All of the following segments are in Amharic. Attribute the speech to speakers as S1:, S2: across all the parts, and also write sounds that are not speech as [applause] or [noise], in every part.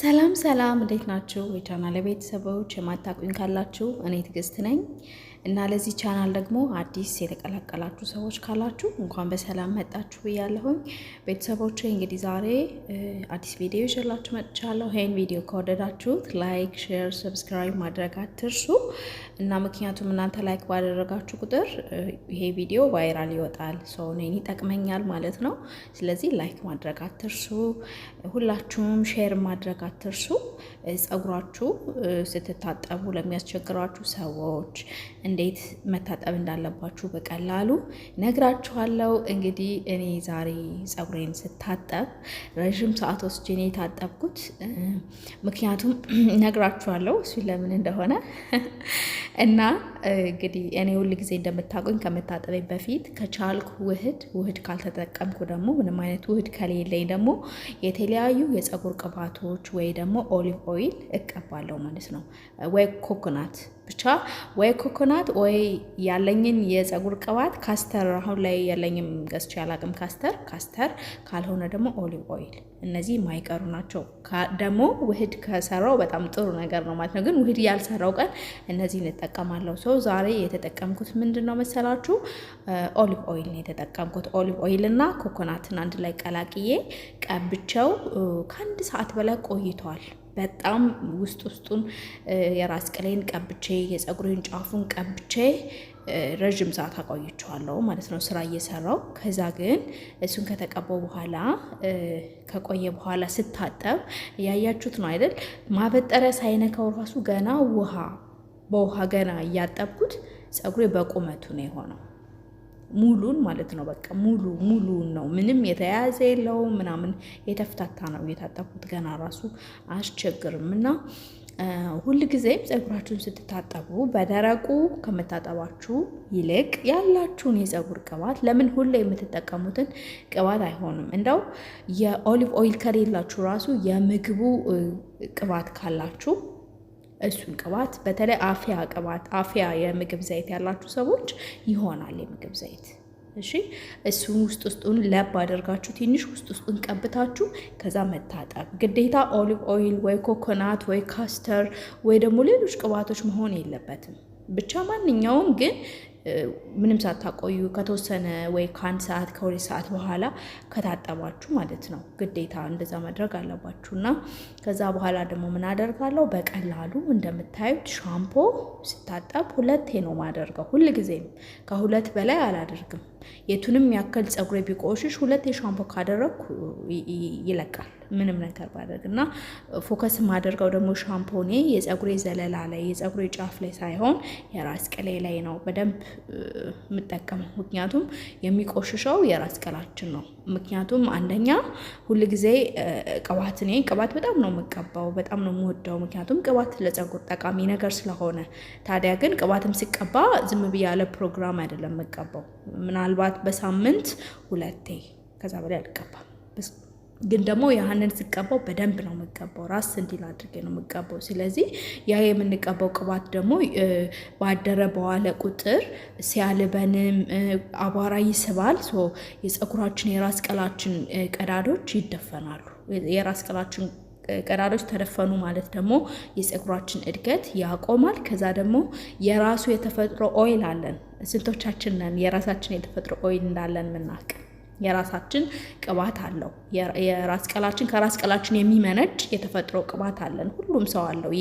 S1: ሰላም ሰላም፣ እንዴት ናችሁ? የቻናል ቤተሰቦች የማታቁኝ ካላችሁ እኔ ትግስት ነኝ። እና ለዚህ ቻናል ደግሞ አዲስ የተቀላቀላችሁ ሰዎች ካላችሁ እንኳን በሰላም መጣችሁ ብያለሁኝ። ቤተሰቦች እንግዲህ ዛሬ አዲስ ቪዲዮ ይዤላችሁ መጥቻለሁ። ይህን ቪዲዮ ከወደዳችሁት ላይክ፣ ሼር፣ ሰብስክራይብ ማድረግ አትርሱ እና ምክንያቱም እናንተ ላይክ ባደረጋችሁ ቁጥር ይሄ ቪዲዮ ቫይራል ይወጣል፣ ሰው እኔን ይጠቅመኛል ማለት ነው። ስለዚህ ላይክ ማድረግ አትርሱ። ሁላችሁም ሼር ማድረግ አትርሱ። ጸጉራችሁ ስትታጠቡ ለሚያስቸግራችሁ ሰዎች እንዴት መታጠብ እንዳለባችሁ በቀላሉ ነግራችኋለሁ። እንግዲህ እኔ ዛሬ ፀጉሬን ስታጠብ ረዥም ሰዓት ወስጄ ነው የታጠብኩት። ምክንያቱም [clears throat] ነግራችኋለሁ እሱ ለምን እንደሆነ [laughs] እና እንግዲህ እኔ ሁል ጊዜ እንደምታቆኝ ከመታጠቤ በፊት ከቻልኩ ውህድ ውህድ ካልተጠቀምኩ ደግሞ ምንም አይነት ውህድ ከሌለኝ ደግሞ የተለያዩ የፀጉር ቅባቶች ወይ ደግሞ ኦሊቭ ኦይል እቀባለሁ ማለት ነው ወይ ኮኮናት ብቻ ወይ ኮኮናት ወይ ያለኝን የፀጉር ቅባት ካስተር፣ አሁን ላይ ያለኝም ገዝቼ አላቅም ካስተር ካስተር፣ ካልሆነ ደግሞ ኦሊቭ ኦይል፣ እነዚህ የማይቀሩ ናቸው። ደግሞ ውህድ ከሰራው በጣም ጥሩ ነገር ነው ማለት ነው። ግን ውህድ ያልሰራው ቀን እነዚህ እንጠቀማለሁ። ሰው ዛሬ የተጠቀምኩት ምንድን ነው መሰላችሁ? ኦሊቭ ኦይል ነው የተጠቀምኩት። ኦሊቭ ኦይል እና ኮኮናትን አንድ ላይ ቀላቅዬ ቀብቸው ከአንድ ሰዓት በላይ ቆይተዋል። በጣም ውስጥ ውስጡን የራስ ቅሌን ቀብቼ የፀጉሬን ጫፉን ቀብቼ ረዥም ሰዓት አቆይቸዋለሁ ማለት ነው ስራ እየሰራው። ከዛ ግን እሱን ከተቀባው በኋላ ከቆየ በኋላ ስታጠብ ያያችሁት ነው አይደል? ማበጠሪያ ሳይነካው ራሱ ገና ውሃ በውሃ ገና እያጠብኩት ፀጉሬ በቁመቱ ነው የሆነው። ሙሉን ማለት ነው። በቃ ሙሉ ሙሉን ነው። ምንም የተያያዘ የለውም ምናምን የተፍታታ ነው። እየታጠፉት ገና ራሱ አያስቸግርም እና ሁል ጊዜም ፀጉራችሁን ስትታጠቡ በደረቁ ከምታጠባችሁ ይልቅ ያላችሁን የፀጉር ቅባት ለምን ሁሌ የምትጠቀሙትን ቅባት አይሆንም። እንደው የኦሊቭ ኦይል ከሌላችሁ ራሱ የምግቡ ቅባት ካላችሁ እሱን ቅባት በተለይ አፍያ ቅባት አፍያ የምግብ ዘይት ያላችሁ ሰዎች ይሆናል የምግብ ዘይት። እሺ እሱን ውስጥ ውስጡን ለብ አድርጋችሁ ትንሽ ውስጥ ውስጡን ቀብታችሁ ከዛ መታጠብ ግዴታ። ኦሊቭ ኦይል ወይ ኮኮናት ወይ ካስተር ወይ ደግሞ ሌሎች ቅባቶች መሆን የለበትም። ብቻ ማንኛውም ግን ምንም ሳታቆዩ ከተወሰነ ወይ ከአንድ ሰዓት ከሁለት ሰዓት በኋላ ከታጠባችሁ ማለት ነው ግዴታ እንደዛ ማድረግ አለባችሁ። እና ከዛ በኋላ ደግሞ ምን አደርጋለሁ በቀላሉ እንደምታዩት ሻምፖ ስታጠብ ሁለቴ ነው ማደርገው። ሁል ጊዜም ከሁለት በላይ አላደርግም። የቱንም ያክል ጸጉሬ ቢቆሽሽ ሁለት የሻምፖ ካደረግኩ ይለቃል ምንም ነገር ባደርግ እና ፎከስ ማደርገው ደግሞ ሻምፖኔ የፀጉሬ ዘለላ ላይ የፀጉሬ ጫፍ ላይ ሳይሆን የራስ ቅሌ ላይ ነው በደንብ የምጠቀመው። ምክንያቱም የሚቆሽሸው የራስ ቅላችን ነው። ምክንያቱም አንደኛ ሁልጊዜ ቅባት እኔ ቅባት በጣም ነው የምቀባው፣ በጣም ነው የምወደው። ምክንያቱም ቅባት ለፀጉር ጠቃሚ ነገር ስለሆነ። ታዲያ ግን ቅባትም ሲቀባ ዝም ብዬ ያለ ፕሮግራም አይደለም የምቀባው። ምናልባት በሳምንት ሁለቴ ከዛ በላይ አልቀባም። ግን ደግሞ ያህንን ስቀባው በደንብ ነው የምቀባው፣ ራስ እንዲል አድርጌ ነው የምቀባው። ስለዚህ ያ የምንቀባው ቅባት ደግሞ ባደረ በዋለ ቁጥር ሲያልበንም አቧራ ይስባል። የፀጉራችን የራስ ቀላችን ቀዳዶች ይደፈናሉ። የራስ ቀላችን ቀዳዶች ተደፈኑ ማለት ደግሞ የፀጉራችን እድገት ያቆማል። ከዛ ደግሞ የራሱ የተፈጥሮ ኦይል አለን። ስንቶቻችን ነን የራሳችን የተፈጥሮ ኦይል እንዳለን ምናቅ? የራሳችን ቅባት አለው። የራስ ቀላችን ከራስ ቀላችን የሚመነጭ የተፈጥሮ ቅባት አለን። ሁሉም ሰው አለው፣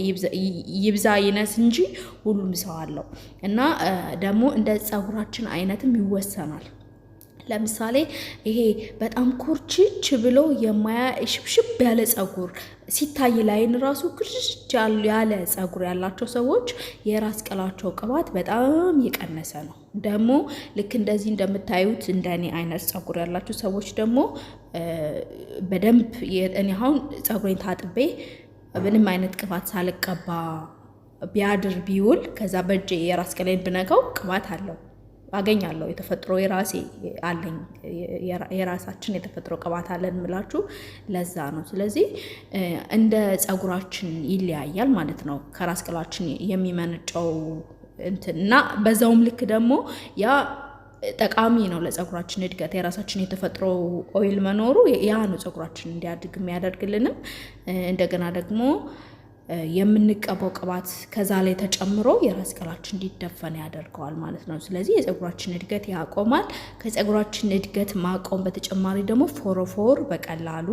S1: ይብዛ ይነስ እንጂ ሁሉም ሰው አለው እና ደግሞ እንደ ፀጉራችን አይነትም ይወሰናል። ለምሳሌ ይሄ በጣም ኩርችች ብሎ የማያ ሽብሽብ ያለ ጸጉር ሲታይ ላይን ራሱ ክርሽ ያለ ጸጉር ያላቸው ሰዎች የራስ ቅላቸው ቅባት በጣም የቀነሰ ነው። ደግሞ ልክ እንደዚህ እንደምታዩት እንደ እኔ አይነት ጸጉር ያላቸው ሰዎች ደግሞ በደንብ እኔ አሁን ጸጉሬን ታጥቤ ምንም አይነት ቅባት ሳልቀባ ቢያድር ቢውል ከዛ በእጄ የራስ ቅሌን ብነካው ቅባት አለው። አገኛለሁ። የተፈጥሮ የራሴ አለኝ የራሳችን የተፈጥሮ ቅባት አለን ምላችሁ ለዛ ነው። ስለዚህ እንደ ፀጉራችን ይለያያል ማለት ነው ከራስ ቅላችን የሚመነጨው እንትን እና በዛውም ልክ ደግሞ ያ ጠቃሚ ነው ለፀጉራችን እድገት የራሳችን የተፈጥሮ ኦይል መኖሩ ያ ነው ፀጉራችን እንዲያድግ የሚያደርግልንም እንደገና ደግሞ የምንቀባው ቅባት ከዛ ላይ ተጨምሮ የራስ ቅላችን እንዲደፈን ያደርገዋል ማለት ነው። ስለዚህ የፀጉራችን እድገት ያቆማል። ከፀጉራችን እድገት ማቆም በተጨማሪ ደግሞ ፎረፎር በቀላሉ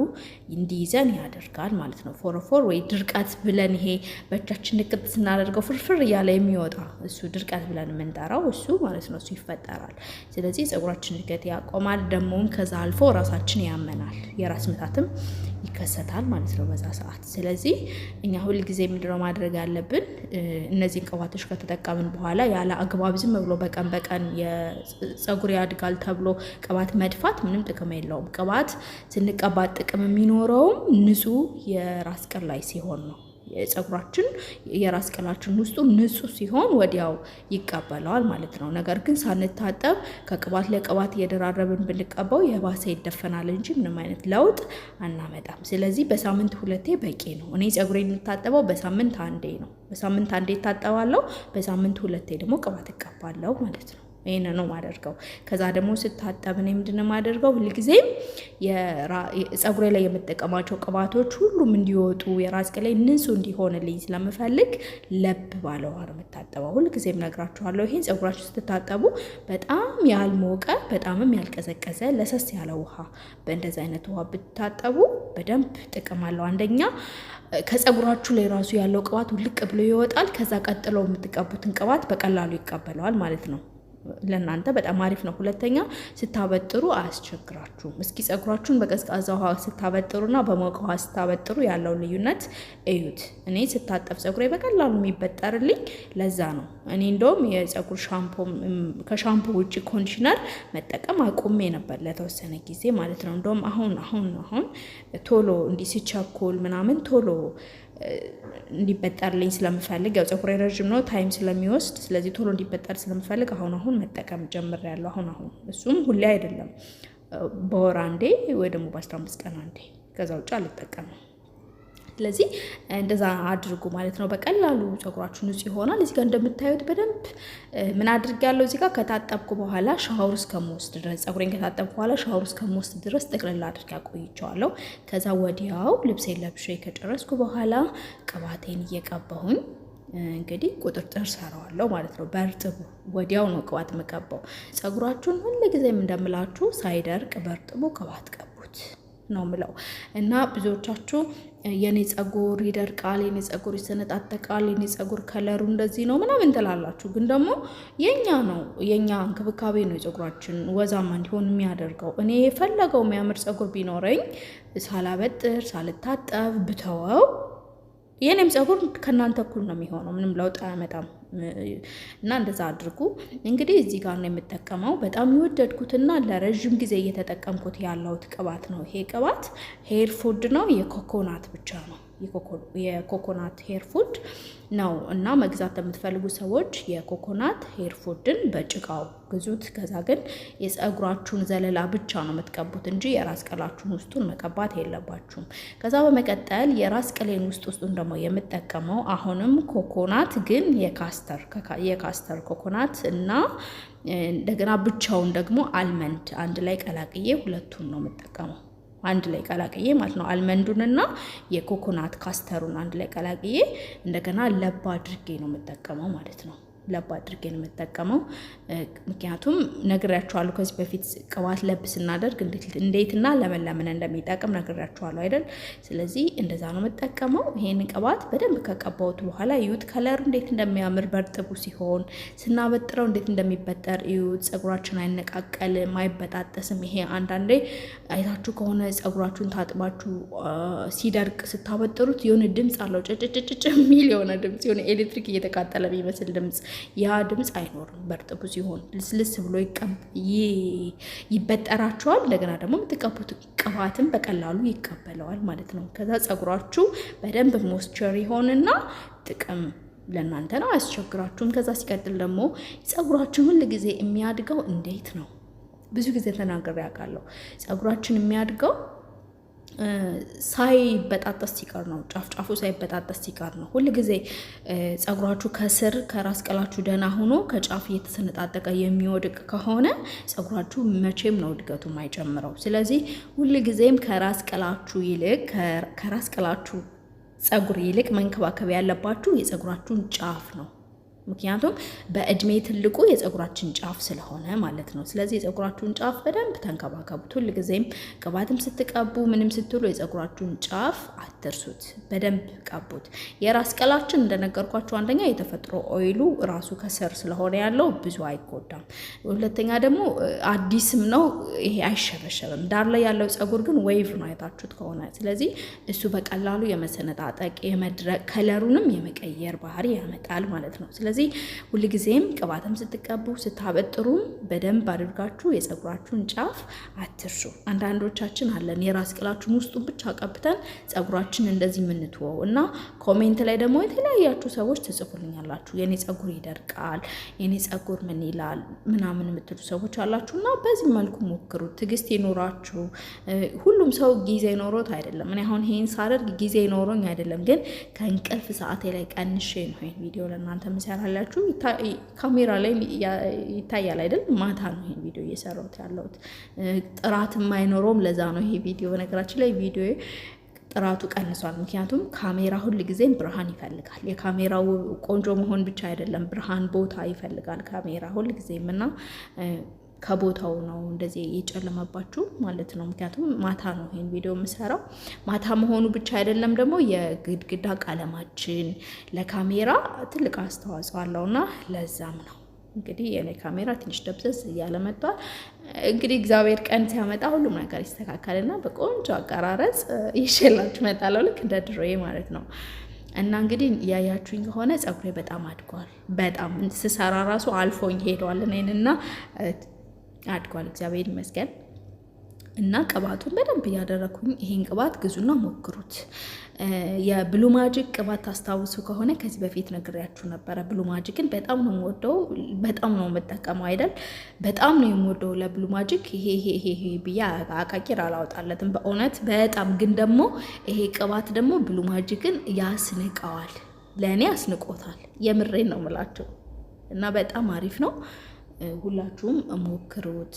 S1: እንዲይዘን ያደርጋል ማለት ነው። ፎረፎር ወይ ድርቀት ብለን ይሄ በእጃችን ንቅጥ ስናደርገው ፍርፍር እያለ የሚወጣ እሱ ድርቀት ብለን የምንጠራው እሱ ማለት ነው። እሱ ይፈጠራል። ስለዚህ የፀጉራችን እድገት ያቆማል። ደግሞም ከዛ አልፎ ራሳችን ያመናል። የራስ ምታትም ይከሰታል ማለት ነው በዛ ሰዓት። ስለዚህ እኛ ሁልጊዜ ምንድነው ማድረግ ያለብን እነዚህን ቅባቶች ከተጠቀምን በኋላ ያለ አግባብ ዝም ብሎ በቀን በቀን የፀጉር ያድጋል ተብሎ ቅባት መድፋት ምንም ጥቅም የለውም። ቅባት ስንቀባት ጥቅም የሚኖረውም ንጹህ የራስ ቅል ላይ ሲሆን ነው። የፀጉራችን የራስ ቅላችን ውስጡ ንጹህ ሲሆን ወዲያው ይቀበለዋል ማለት ነው። ነገር ግን ሳንታጠብ ከቅባት ለቅባት እየደራረብን ብንቀባው የባሰ ይደፈናል እንጂ ምንም አይነት ለውጥ አናመጣም። ስለዚህ በሳምንት ሁለቴ በቂ ነው። እኔ ፀጉር የምታጠበው በሳምንት አንዴ ነው። በሳምንት አንዴ እታጠባለሁ፣ በሳምንት ሁለቴ ደግሞ ቅባት እቀባለሁ ማለት ነው። ይህን ነው ማደርገው። ከዛ ደግሞ ስታጠብ እኔ ምንድን ነው የማደርገው ሁልጊዜም ፀጉሬ ላይ የምጠቀማቸው ቅባቶች ሁሉም እንዲወጡ የራስ ላይ ንጹህ እንዲሆንልኝ ስለምፈልግ ለብ ባለ ውሃ ነው የምታጠበው። ሁልጊዜም ነግራችኋለሁ። ይህን ፀጉራችሁ ስትታጠቡ በጣም ያልሞቀ በጣምም ያልቀዘቀዘ ለሰስ ያለ ውሃ በእንደዚ አይነት ውሃ ብታጠቡ በደንብ ጥቅም አለው። አንደኛ ከፀጉራችሁ ላይ ራሱ ያለው ቅባት ውልቅ ብሎ ይወጣል። ከዛ ቀጥለው የምትቀቡትን ቅባት በቀላሉ ይቀበለዋል ማለት ነው። ለእናንተ በጣም አሪፍ ነው። ሁለተኛ ስታበጥሩ አያስቸግራችሁም። እስኪ ፀጉራችሁን በቀዝቃዛ ውሃ ስታበጥሩና በሞቀ ውሃ ስታበጥሩ ያለው ልዩነት እዩት። እኔ ስታጠብ ፀጉሬ በቀላሉ የሚበጠርልኝ ለዛ ነው። እኔ እንደውም የፀጉር ሻምፖ ከሻምፖ ውጭ ኮንዲሽነር መጠቀም አቁሜ ነበር ለተወሰነ ጊዜ ማለት ነው። እንደውም አሁን አሁን አሁን ቶሎ እንዲህ ሲቸኮል ምናምን ቶሎ እንዲበጠርልኝ ስለምፈልግ ያው ፀጉሬ ረዥም ነው ታይም ስለሚወስድ፣ ስለዚህ ቶሎ እንዲበጠር ስለምፈልግ አሁን አሁን መጠቀም ጀምሬያለሁ። አሁን አሁን እሱም ሁሌ አይደለም፣ በወር አንዴ ወይ ደግሞ በአስራ አምስት ቀን አንዴ። ከዛ ውጭ አልጠቀምም። ስለዚህ እንደዛ አድርጉ ማለት ነው። በቀላሉ ፀጉራችሁ ንጹህ ይሆናል። እዚህ ጋር እንደምታዩት በደንብ ምን ያለው እዚህ ጋር ከታጠብኩ በኋላ ሻወር እስከምወስድ ድረስ ፀጉሬን ከታጠብኩ በኋላ ሻወር እስከምወስድ ድረስ ጠቅልላ አድርጌ አቆይቸዋለሁ። ከዛ ወዲያው ልብሴን ለብሼ ከጨረስኩ በኋላ ቅባቴን እየቀባሁኝ እንግዲህ ቁጥርጥር ሰራዋለሁ ማለት ነው። በእርጥቡ ወዲያው ነው ቅባት የምቀባው። ፀጉራችሁን ጊዜም እንደምላችሁ ሳይደርቅ በእርጥቡ ቅባት ቀቡት ነው ምለው እና ብዙዎቻችሁ የኔ ጸጉር ይደርቃል፣ የኔ ጸጉር ይሰነጣጠቃል፣ የኔ ጸጉር ከለሩ እንደዚህ ነው ምናምን ትላላችሁ። ግን ደግሞ የኛ ነው የኛ እንክብካቤ ነው የጸጉራችን ወዛማ እንዲሆን የሚያደርገው። እኔ የፈለገው የሚያምር ጸጉር ቢኖረኝ ሳላበጥር ሳልታጠብ ብተወው የእኔም ፀጉር ከእናንተ እኩል ነው የሚሆነው። ምንም ለውጥ አያመጣም እና እንደዛ አድርጉ። እንግዲህ እዚህ ጋር ነው የምጠቀመው። በጣም የወደድኩትና ለረዥም ጊዜ እየተጠቀምኩት ያለሁት ቅባት ነው። ይሄ ቅባት ሄር ፉድ ነው። የኮኮናት ብቻ ነው የኮኮናት ሄር ፉድ ነው እና መግዛት የምትፈልጉ ሰዎች የኮኮናት ሄር ፉድን በጭቃው ግዙት። ከዛ ግን የፀጉራችሁን ዘለላ ብቻ ነው የምትቀቡት እንጂ የራስ ቅላችሁን ውስጡን መቀባት የለባችሁም። ከዛ በመቀጠል የራስ ቅሌን ውስጥ ውስጡን ደግሞ የምጠቀመው አሁንም ኮኮናት ግን የካስተር የካስተር ኮኮናት እና እንደገና ብቻውን ደግሞ አልመንድ አንድ ላይ ቀላቅዬ ሁለቱን ነው የምጠቀመው። አንድ ላይ ቀላቅዬ ማለት ነው። አልመንዱንና የኮኮናት ካስተሩን አንድ ላይ ቀላቅዬ እንደገና ለባ አድርጌ ነው የምጠቀመው ማለት ነው። ለብ አድርጌ ነው የምጠቀመው። ምክንያቱም ነግሬያችኋለሁ ከዚህ በፊት ቅባት ለብ ስናደርግ እንዴትና ለምን ለምን እንደሚጠቅም ነግሬያችኋለሁ አይደል? ስለዚህ እንደዛ ነው የምጠቀመው። ይሄን ቅባት በደንብ ከቀባሁት በኋላ እዩት፣ ከለሩ እንዴት እንደሚያምር በርጥቡ ሲሆን ስናበጥረው እንዴት እንደሚበጠር እዩት። ፀጉራችን አይነቃቀልም፣ አይበጣጠስም። ይሄ አንዳንዴ አይታችሁ ከሆነ ፀጉራችሁን ታጥባችሁ ሲደርቅ ስታበጥሩት የሆነ ድምፅ አለው ጭጭጭጭ የሚል የሆነ ድምፅ የሆነ ኤሌክትሪክ እየተቃጠለ የሚመስል ድምፅ ያ ድምፅ አይኖርም። በእርጥቡ ሲሆን ልስልስ ብሎ ይበጠራቸዋል። እንደገና ደግሞ የምትቀቡት ቅባትን በቀላሉ ይቀበለዋል ማለት ነው። ከዛ ፀጉራችሁ በደንብ ሞስቸር ይሆንና ጥቅም ለእናንተ ነው፣ አያስቸግራችሁም። ከዛ ሲቀጥል ደግሞ ፀጉራችን ሁል ጊዜ የሚያድገው እንዴት ነው? ብዙ ጊዜ ተናግሬ አውቃለሁ። ፀጉራችን የሚያድገው ሳይበጣጠስ ሲቀር ነው። ጫፍጫፉ ጫፉ ሳይበጣጠስ ሲቀር ነው። ሁልጊዜ ጸጉራችሁ ከስር ከራስ ቀላችሁ ደህና ሆኖ ከጫፍ እየተሰነጣጠቀ የሚወድቅ ከሆነ ጸጉራችሁ መቼም ነው እድገቱ የማይጨምረው። ስለዚህ ሁልጊዜም ከራስ ቅላችሁ ይልቅ ከራስ ቅላችሁ ጸጉር ይልቅ መንከባከብ ያለባችሁ የጸጉራችሁን ጫፍ ነው። ምክንያቱም በእድሜ ትልቁ የፀጉራችን ጫፍ ስለሆነ ማለት ነው። ስለዚህ የፀጉራችሁን ጫፍ በደንብ ተንከባከቡት። ሁልጊዜም ቅባትም ስትቀቡ ምንም ስትሉ የፀጉራችሁን ጫፍ አትርሱት፣ በደንብ ቀቡት። የራስ ቀላችን እንደነገርኳችሁ አንደኛ የተፈጥሮ ኦይሉ ራሱ ከስር ስለሆነ ያለው ብዙ አይጎዳም። ሁለተኛ ደግሞ አዲስም ነው ይሄ አይሸበሸብም። ዳር ላይ ያለው ፀጉር ግን ዌይቭ ነው አይታችሁት ከሆነ ስለዚህ እሱ በቀላሉ የመሰነጣጠቅ የመድረቅ ከለሩንም የመቀየር ባህሪ ያመጣል ማለት ነው። ስለዚህ ሁልጊዜም ቅባትም ስትቀቡ ስታበጥሩም በደንብ አድርጋችሁ የፀጉራችሁን ጫፍ አትርሱ። አንዳንዶቻችን አለን የራስ ቅላችሁን ውስጡን ብቻ ቀብተን ፀጉራችን እንደዚህ የምንትወው እና ኮሜንት ላይ ደግሞ የተለያያችሁ ሰዎች ትጽፉልኛላችሁ የኔ ፀጉር ይደርቃል፣ የኔ ፀጉር ምን ይላል ምናምን የምትሉ ሰዎች አላችሁ እና በዚህ መልኩ ሞክሩት። ትግስት ይኖራችሁ። ሁሉም ሰው ጊዜ ኖሮት አይደለም። እኔ አሁን ይሄን ሳደርግ ጊዜ ኖሮኝ አይደለም፣ ግን ከእንቅልፍ ሰዓቴ ላይ ቀንሼ ነው ይሄን ቪዲዮ ለእናንተ ምሰራ ታላችሁ ካሜራ ላይ ይታያል አይደል? ማታ ነው ይሄ ቪዲዮ እየሰራሁት ያለሁት። ጥራትም አይኖረውም። ለዛ ነው ይሄ ቪዲዮ በነገራችን ላይ ቪዲዮ ጥራቱ ቀንሷል። ምክንያቱም ካሜራ ሁል ጊዜም ብርሃን ይፈልጋል። የካሜራው ቆንጆ መሆን ብቻ አይደለም፣ ብርሃን ቦታ ይፈልጋል ካሜራ ሁል ጊዜም እና ከቦታው ነው እንደዚህ የጨለመባችሁ ማለት ነው። ምክንያቱም ማታ ነው ይህን ቪዲዮ የምሰራው። ማታ መሆኑ ብቻ አይደለም ደግሞ የግድግዳ ቀለማችን ለካሜራ ትልቅ አስተዋጽኦ አለው አለውና ለዛም ነው እንግዲህ የኔ ካሜራ ትንሽ ደብዘዝ እያለ መጥቷል። እንግዲህ እግዚአብሔር ቀን ሲያመጣ ሁሉም ነገር ይስተካከልና በቆንጆ አቀራረጽ ይሸላችሁ መጣለው፣ ልክ እንደ ድሮዬ ማለት ነው። እና እንግዲህ ያያችሁኝ ከሆነ ፀጉሬ በጣም አድጓል። በጣም ስሰራ ራሱ አልፎኝ ሄዷል እኔን እና አድጓል። እግዚአብሔር ይመስገን። እና ቅባቱን በደንብ እያደረግኩኝ ይሄን ቅባት ግዙና ሞክሩት። የብሉ ማጅግ ቅባት ታስታውሱ ከሆነ ከዚህ በፊት ነግሬያችሁ ነበረ። ብሉ ማጅግን በጣም ነው የምወደው፣ በጣም ነው የምጠቀመው አይደል? በጣም ነው የምወደው ለብሉ ማጅግ ይሄ ይሄ ይሄ ብዬ አቃቂር አላወጣለትም በእውነት በጣም ግን ደግሞ ይሄ ቅባት ደግሞ ብሉ ማጅግን ያስንቀዋል፣ ለእኔ ያስንቆታል። የምሬን ነው የምላቸው እና በጣም አሪፍ ነው። ሁላችሁም ሞክሩት።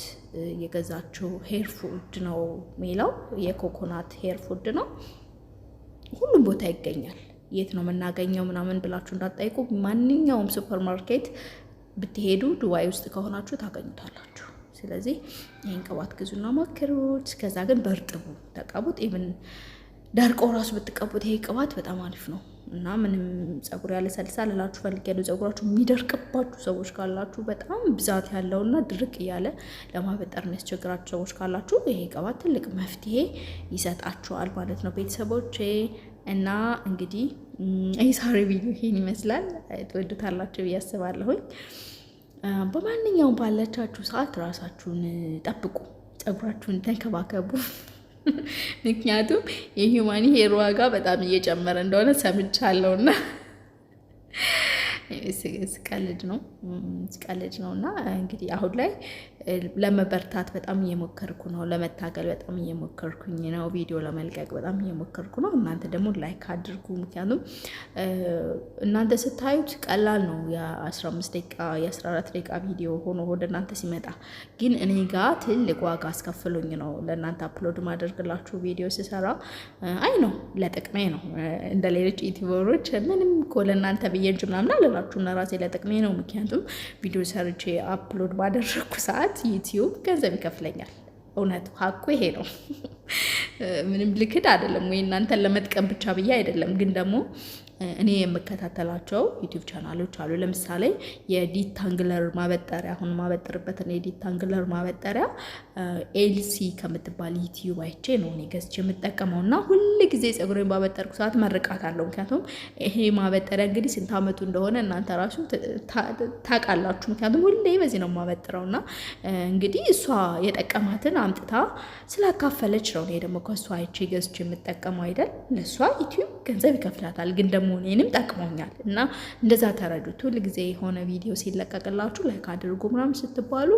S1: የገዛችው ሄር ፉድ ነው የሚለው የኮኮናት ሄር ፉድ ነው። ሁሉም ቦታ ይገኛል። የት ነው የምናገኘው ምናምን ብላችሁ እንዳትጠይቁ። ማንኛውም ሱፐር ማርኬት ብትሄዱ ዱባይ ውስጥ ከሆናችሁ ታገኙታላችሁ። ስለዚህ ይህን ቅባት ግዙና ሞክሩት። ከዛ ግን በእርጥቡ ተቀቡት። ኢቭን ደርቆ ራሱ ብትቀቡት ይሄ ቅባት በጣም አሪፍ ነው። እና ምንም ፀጉር ያለሰልሳል እላችሁ ፈልጌያለሁ። ፀጉራችሁ የሚደርቅባችሁ ሰዎች ካላችሁ በጣም ብዛት ያለውና ድርቅ እያለ ለማበጠር የሚያስቸግራችሁ ሰዎች ካላችሁ ይሄ ቅባት ትልቅ መፍትሄ ይሰጣችኋል ማለት ነው ቤተሰቦቼ። እና እንግዲህ ይሳሪ ቪዲዮ ይሄን ይመስላል። ትወዱታላችሁ ብዬ አስባለሁኝ። በማንኛውም ባላቻችሁ ሰዓት ራሳችሁን ጠብቁ፣ ፀጉራችሁን ተንከባከቡ። [laughs] ምክንያቱም የሂውማን ሄር ዋጋ በጣም እየጨመረ እንደሆነ ሰምቻለሁ እና [laughs] ስቀልድ ነው ስቀልድ ነው እና እንግዲህ አሁን ላይ ለመበርታት በጣም እየሞከርኩ ነው። ለመታገል በጣም እየሞከርኩኝ ነው። ቪዲዮ ለመልቀቅ በጣም እየሞከርኩ ነው። እናንተ ደግሞ ላይክ አድርጉ። ምክንያቱም እናንተ ስታዩት ቀላል ነው የ15 ደቂቃ የ14 ደቂቃ ቪዲዮ ሆኖ ወደ እናንተ ሲመጣ፣ ግን እኔ ጋ ትልቅ ዋጋ አስከፍሎኝ ነው ለእናንተ አፕሎድ ማደርግላችሁ ቪዲዮ ስሰራ። አይ ነው ለጥቅሜ ነው። እንደ ሌሎች ዩቲዩበሮች ምንም እኮ ለእናንተ ብዬ እንጂ ምናምን አልላችሁ እና ራሴ ለጥቅሜ ነው። ምክንያቱም ቪዲዮ ሰርቼ አፕሎድ ባደረግኩ ሰዓት ሰዓት ዩቲዩብ ገንዘብ ይከፍለኛል። እውነቱ ሀቁ ይሄ ነው። [laughs] ምንም ልክድ አይደለም ወይ እናንተን ለመጥቀም ብቻ ብዬ አይደለም። ግን ደግሞ እኔ የምከታተላቸው ዩቲዩብ ቻናሎች አሉ። ለምሳሌ የዲታንግለር ማበጠሪያ አሁን ማበጠርበትን የዲታንግለር ማበጠሪያ ኤልሲ ከምትባል ዩቲዩብ አይቼ ነው እኔ ገዝቼ የምጠቀመው እና ሁሉ ሁል ጊዜ ፀጉሬን ባበጠርኩ ሰዓት መርቃታለሁ። ምክንያቱም ይሄ ማበጠሪያ እንግዲህ ስንት አመቱ እንደሆነ እናንተ ራሱ ታውቃላችሁ። ምክንያቱም ሁሌ በዚህ ነው የማበጥረው እና እንግዲህ እሷ የጠቀማትን አምጥታ ስላካፈለች ነው። እኔ ደግሞ ከእሷ አይቼ ገዝቼ የምጠቀመው አይደል። ለእሷ ዩቲዩብ ገንዘብ ይከፍላታል፣ ግን ደግሞ እኔንም ጠቅሞኛል እና እንደዛ ተረዱት። ሁል ጊዜ የሆነ ቪዲዮ ሲለቀቅላችሁ ላይክ አድርጉ ምናምን ስትባሉ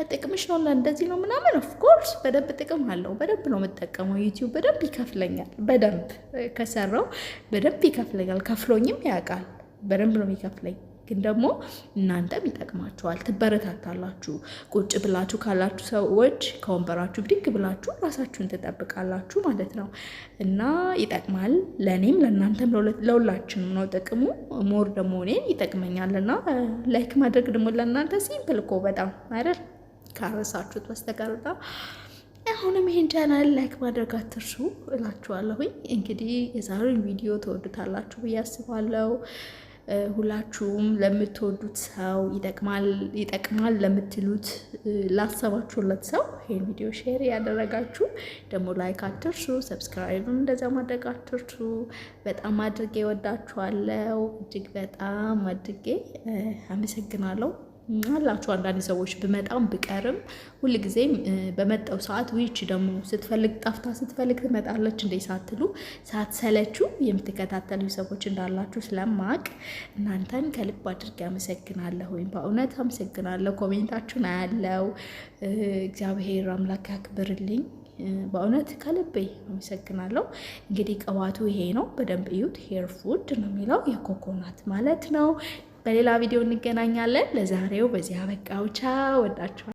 S1: ለጥቅምሽ ነው ለእንደዚህ ነው ምናምን ኦፍኮርስ በደንብ ጥቅም አለው። በደንብ ነው የምጠቀመው ዩቲዩብ በደንብ ይከፍለኛል። ይከፍለኛል። በደንብ ከሰራው በደንብ ይከፍለኛል። ከፍሎኝም ያውቃል። በደንብ ነው የሚከፍለኝ። ግን ደግሞ እናንተም ይጠቅማችኋል፣ ትበረታታላችሁ። ቁጭ ብላችሁ ካላችሁ ሰዎች ከወንበራችሁ ብድግ ብላችሁ ራሳችሁን ትጠብቃላችሁ ማለት ነው እና ይጠቅማል። ለእኔም ለእናንተም ለሁላችንም ነው ጥቅሙ። ሞር ደግሞ እኔን ይጠቅመኛል እና ላይክ ማድረግ ደግሞ ለእናንተ ሲምፕል እኮ በጣም አይደል ካረሳችሁት በስተቀር በጣም አሁንም ይሄን ቻናል ላይክ ማድረግ አትርሱ እላችኋለሁኝ። እንግዲህ የዛሬውን ቪዲዮ ተወዱታላችሁ ብዬ አስባለሁ። ሁላችሁም ለምትወዱት ሰው ይጠቅማል ለምትሉት ላሰባችሁለት ሰው ይህን ቪዲዮ ሼር ያደረጋችሁ ደግሞ ላይክ አትርሱ፣ ሰብስክራይብም እንደዚያ ማድረግ አትርሱ። በጣም አድርጌ ወዳችኋለው። እጅግ በጣም አድርጌ አመሰግናለሁ። አላችሁ አንዳንድ ሰዎች ብመጣም ብቀርም ሁልጊዜም በመጣው ሰዓት ዊች ደግሞ ስትፈልግ ጠፍታ ስትፈልግ ትመጣለች እንደ ሳትሉ ሳትሰለችሁ የምትከታተሉ ሰዎች እንዳላችሁ ስለማቅ እናንተን ከልብ አድርጌ አመሰግናለሁ። ወይም በእውነት አመሰግናለሁ። ኮሜንታችሁን አያለው። እግዚአብሔር አምላክ ያክብርልኝ። በእውነት ከልቤ አመሰግናለሁ። እንግዲህ ቅባቱ ይሄ ነው። በደንብ እዩት። ሄር ፉድ ነው የሚለው የኮኮናት ማለት ነው። በሌላ ቪዲዮ እንገናኛለን። ለዛሬው በዚህ አበቃው። ቻው። ወዳችኋል።